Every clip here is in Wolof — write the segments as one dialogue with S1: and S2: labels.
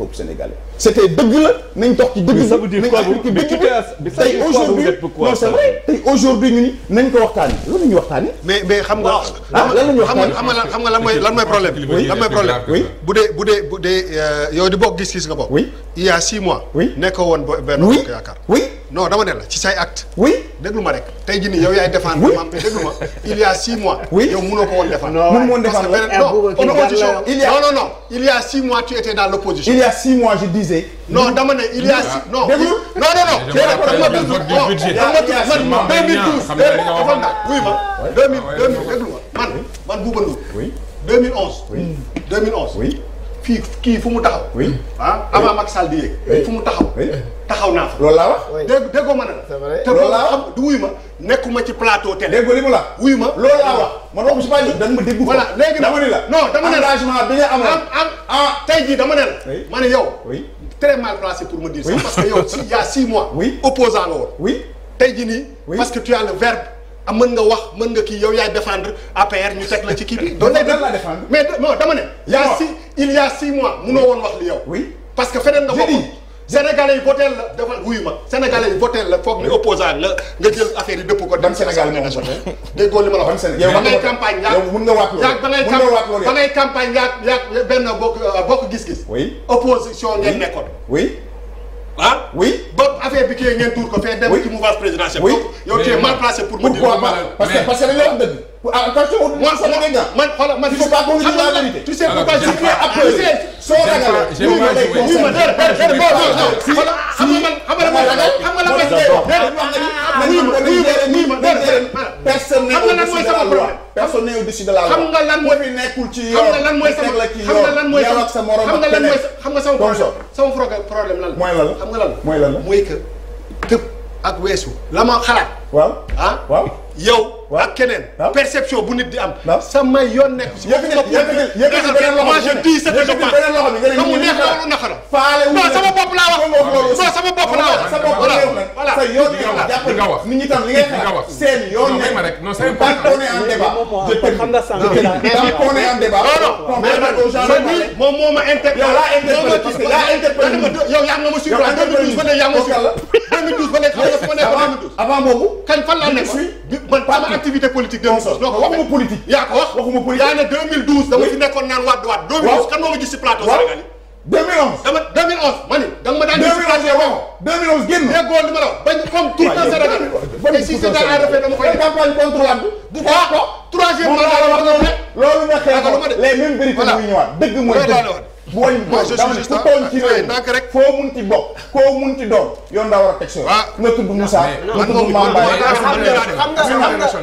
S1: peuple sénégalais c'était dëgg la nañ dox ci dëgg bi nañ appliqué dëgg bi tey mais mais xam nga lan lañu waxtaani xam xam nga lan mooy lan mooy problème lan mooy problème bu dee bu dee bu dee euh, yow di bokk gis-gis nga bokk il y a six mois nekk woon Benno Bokk Yaakaar non dama ne la ci say acte oui déglu ma rek tey jii nii yow yaay défendre. oui mais déglu ma il y a six mois. oui yow mënoo ko woon défendre. non mënu ma woon non a non non il y a six mois tu étais dans l' opposition. il y six mois je disais. non dama il y a non non non non. déedéet dafa ma déglu non dafa ma man 2012 déedéet dafa ma wuyu man man Bouba fii kii fu mu taxaw. oui ah avant Macky Sall di fu mu taxaw. taxaw naa fa. loolu laa wax. dégg déggoo ma ne la. c'est vrai loolu laa wax te wuyu ma nekkuma ci plateau télé. dégg li mu ma. loolu laa wax man léegi dama ni la non dama ne la am am ah. Ah, tey jii dama ne la. ma ne yow. très mal placé pour me dire ça. parce que yow si y a six mois. oui opposant nga woon. oui tey jii nii. parce que tu as ah, mën nga wax mën nga kii yow yaay défendre APR ñu teg la ci kii bi. doon lay def mais non dama ne. yaa si il y a six mois munoo woon wax li yow. oui parce que feneen nga bokkoon. Sénégalais yi voté la dafa wuyu ma Sénégalais yi la foog ni opposant la nga jël affaire yi dëpp ko. ban Sénégal moo voté déggoo li ma la wax. ban Sénégal yow mën campagne yaag yow ba ngay campagne yaag benn bokk euh, bokk gis-gis. oui opposition ngeen nekkoon. oui. ah oui ba affaire bi kii ngeen tuur ko fee dem ci mouvance présidentielle. oui yow tu es mal placé pour. pourquoi parce que parce que am dëgg attention man man xoolal man xam nga tu sais pourquoi je suis après soo ragal ñu ma lay ko ma dara dara bo xoolal xam nga man xam nga ma ragal xam nga la may dara ñu ma dara personne xam nga lan mooy sama problème personne n'est au-dessus de la loi xam nga lan mooy fi nekkul ci yoon xam nga lan mooy sama xam nga lan mooy sama xam nga lan mooy xam nga sama problème sama problème lan mooy lan mooy lan mooy que tëb ak weesu la ma xalaat. waaw ah waaw. yow ak keneen. perception bu nit di am. waaw sama yoon nekk. yëkkati yëkkati yëkkati beneen loxo bi yëkkati beneen loxo bi nga mu neex loolu naka la. faale wu non sama bopp laa wax. non sama bopp laa wax. voilà voilà sa yoon nekk nga wax nit ñi tam li ngay xalaat seen yoon nekk non tant qu'on est en débat. xam nga sànq la tant qu'on est en débat. non non mais moom moo ma interpellé. yow laa interpellé parce que yaa interpellé yow yaa nga ma suivre 2012 ba léegi yaa nga ma suivre avant boobu kañ fan laa nekk man sama activité politique 2012 loo ko waxuma politique yaa ko wax waxuma politique yaa ne 2012 dama fi nekkoon naan waat waat 2012 kan moo ma gis ci plateau Sénégal yi 2011 dama 2011 ma ni da nga ma daan gis ci plateau wax 2011 génn déggoo li ma la wax bañ comme tout le Sénégal et si c'est à refaire dama koy campagne contre lamb bu wax ko troisième mandat la wax noonu rek loolu nag les mêmes vérités ñuy ñëwaat dëgg mooy dëgg booy booy dama ne ku tooñ ci réew foo mun ci bokk koo mun ci doon yoon daa war a teg sooy. waaw nga tudd Moussa nga tudd Mame Baye. xam nga xam nga xam nga xam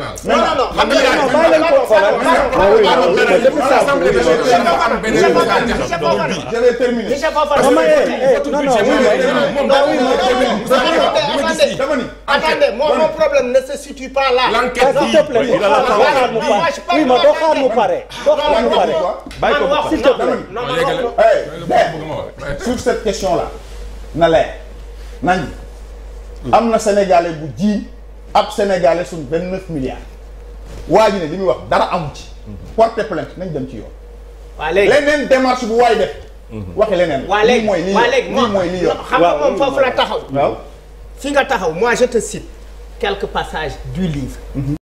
S1: nga xam nga xam nga attendez attendez moom mon problème ne se situe pas là. l'enquête bi s'il te plaît doo xaar mu pare oui ma doo xaar mu pare doo xaar mu pare. bàyyi ko mu s'il te plaît. sur cette question là na leer nañ am na sénégalais bu ji ab sénégalais suñ vingt neuf milliards. waa ji ne li muy wax dara amu ci. porte plainte nañ dem ci yoon. waa léegi leneen démarche bu waay def. Mhm. waxi leneen. waa léegi waa léegi moom lii mooy lii yoon. xam nga moom foofu la taxaw. waaw. fi nga taxaw moi je te cite quelques passages du livre.